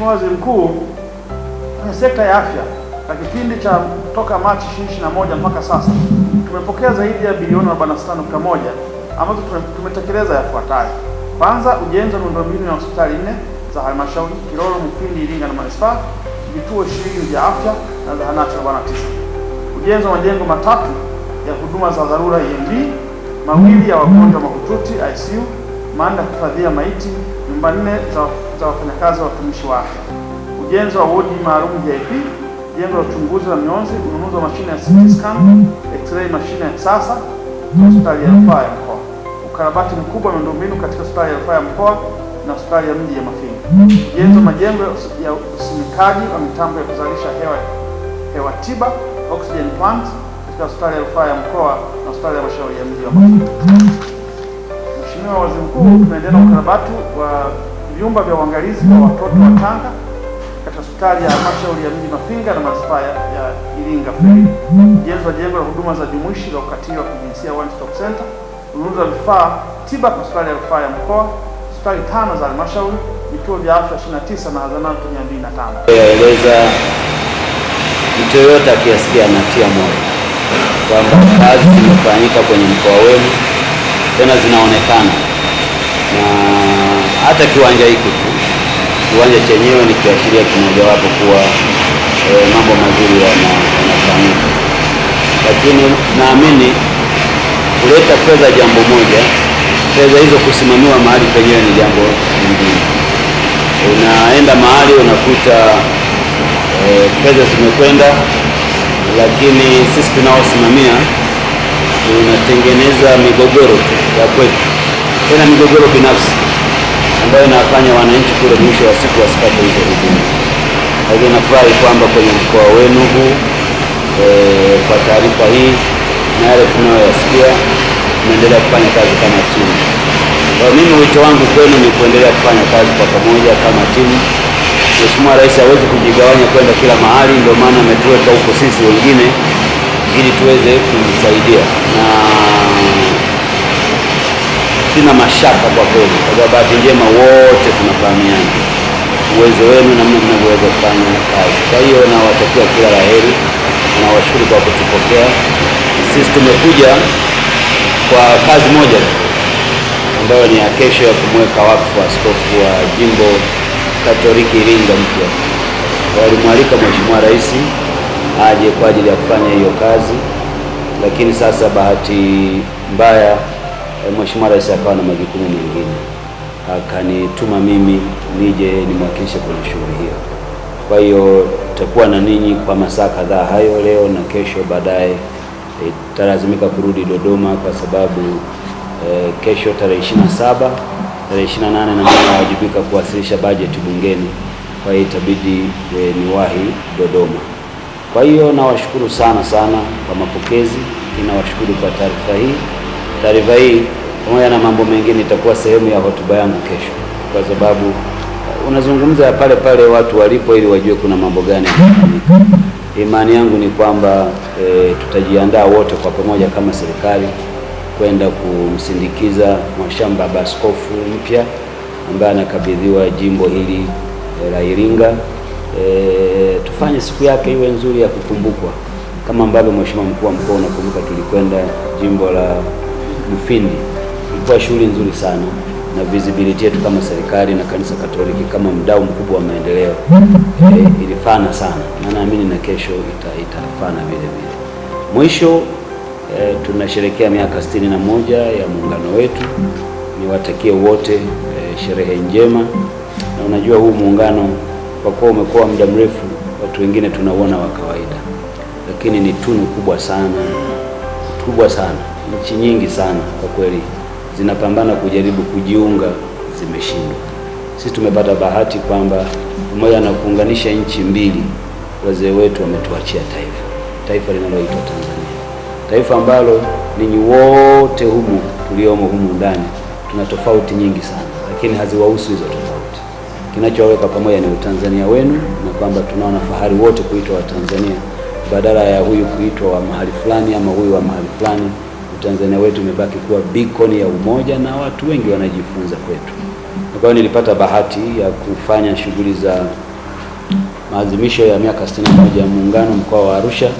Mheshimiwa Waziri Mkuu, kwenye sekta ya afya kwa kipindi cha toka Machi 2021 mpaka sasa tumepokea zaidi ya bilioni 46.1 ambazo tumetekeleza yafuatayo: kwanza, ujenzi wa miundombinu ya hospitali nne za halmashauri Kilolo, Mufindi, Iringa na manispaa, vituo ishirini vya afya na zahanati 49; ujenzi wa majengo matatu ya huduma za dharura EMB, mawili ya wagonjwa mahututi ICU, manne ya kuhifadhia maiti nyumba nne za wafanyakazi wa watumishi wa afya, ujenzi wa wodi maalum VIP, jengo la uchunguzi wa mionzi, ununuzi wa mashine ya CT scan, x-ray, mashine ya kisasa hospitali ya rufaa ya mkoa, ukarabati mkubwa wa miundombinu katika hospitali ya rufaa ya mkoa na hospitali ya mji ya Mafinga, ujenzi wa majengo ya usimikaji wa mitambo ya kuzalisha hewa, hewa tiba oxygen plant katika hospitali ya rufaa ya mkoa na hospitali ya mashauri ya mji wa Mafinga. Mheshimiwa Waziri Mkuu, tunaendelea na ukarabati wa vyumba vya uangalizi wa watoto wa Tanga katika hospitali ya halmashauri ya mji Mafinga na manispaa ya Iringa Frei. Ujenzi wa jengo la huduma za jumuishi la ukatili wa kijinsia One Stop Center, ununuzi wa vifaa tiba kwa hospitali ya rufaa ya mkoa, hospitali tano za halmashauri, vituo vya afya 29 na zahanati 205. Yaeleza mtu yoyote akiyasikia anatia moyo kwamba kazi zimefanyika kwenye mkoa wenu tena zinaonekana, na hata kiwanja hiki tu kiwanja chenyewe ni kiashiria kimojawapo kuwa e, mambo mazuri yanafanyika, lakini naamini kuleta fedha jambo moja, fedha hizo kusimamiwa mahali penyewe ni jambo lingine. Unaenda mahali unakuta e, fedha zimekwenda, lakini sisi tunaosimamia unatengeneza migogoro ya kwetu, tena migogoro binafsi ambayo inafanya wananchi kule mwisho wa siku wasipate hizo huduma. Kwa hivyo nafurahi kwamba kwenye mkoa wenu huu e, kwa taarifa hii na yale tunayoyasikia tunaendelea kufanya kazi kama timu. Kwa mimi wito wangu kwenu ni kuendelea kufanya kazi kwa pamoja kama timu. Mheshimiwa Rais hawezi kujigawanya kwenda kila mahali, ndio maana ametuweka huko sisi wengine ili tuweze kumsaidia, na sina mashaka kwa kweli, kwa sababu bahati njema wote tunafahamiana uwezo wenu namna mnavyoweza kufanya kazi. Kwa hiyo nawatakia kila la heri, nawashukuru kwa kutupokea sisi. Tumekuja kwa kazi moja tu ambayo ni ya kesho ya kumweka wakfu askofu wa jimbo Katoliki Iringa mpya. Walimwalika Mheshimiwa Rais aje kwa ajili ya kufanya hiyo kazi, lakini sasa bahati mbaya eh, Mheshimiwa Rais akawa na majukumu mengine akanituma mimi nije nimwakilishe kwenye shughuli hiyo. Kwa hiyo takuwa na ninyi kwa masaa kadhaa hayo leo na kesho, baadaye italazimika kurudi Dodoma kwa sababu e, kesho tarehe 27 tarehe 28 na mimi nawajibika kuwasilisha bajeti bungeni, kwa hiyo itabidi e, niwahi Dodoma. Kwa hiyo nawashukuru sana sana kwa mapokezi, ninawashukuru kwa taarifa hii. Taarifa hii pamoja na mambo mengine itakuwa sehemu ya hotuba yangu kesho, kwa sababu uh, unazungumza pale pale watu walipo, ili wajue kuna mambo gani yanafanyika. Imani yangu ni kwamba e, tutajiandaa wote kwa pamoja kama serikali kwenda kumsindikiza Mwashamba Baba Askofu mpya ambaye anakabidhiwa jimbo hili la Iringa e, tufanye siku yake iwe nzuri ya kukumbukwa kama ambavyo Mheshimiwa mkuu wa mkoa, unakumbuka tulikwenda jimbo la Mufindi, ilikuwa shughuli nzuri sana na visibility yetu kama serikali na kanisa Katoliki kama mdau mkubwa wa maendeleo e, ilifana sana na naamini na kesho ita, itafana vile vile. Mwisho e, tunasherehekea miaka sitini na moja ya muungano wetu. Niwatakie wote e, sherehe njema, na unajua huu muungano kwa kuwa umekuwa muda mrefu, watu wengine tunauona wa kawaida, lakini ni tunu kubwa sana, kubwa sana. Nchi nyingi sana kwa kweli zinapambana kujaribu kujiunga, zimeshindwa. Sisi tumepata bahati kwamba umoja na kuunganisha nchi mbili, wazee wetu wametuachia taifa, taifa linaloitwa Tanzania, taifa ambalo ninyi wote humu tuliomo humu ndani tuna tofauti nyingi sana, lakini haziwahusu hizo tofauti kinachoweka pamoja ni Utanzania wenu na kwamba tunaona fahari wote kuitwa Watanzania badala ya huyu kuitwa wa mahali fulani ama huyu wa mahali fulani. Utanzania wetu umebaki kuwa beacon ya umoja na watu wengi wanajifunza kwetu. Kwa hiyo nilipata bahati ya kufanya shughuli za maadhimisho ya miaka 61 ya Muungano mkoa wa Arusha.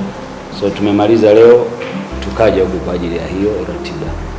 So tumemaliza leo, tukaja huku kwa ajili ya hiyo ratiba.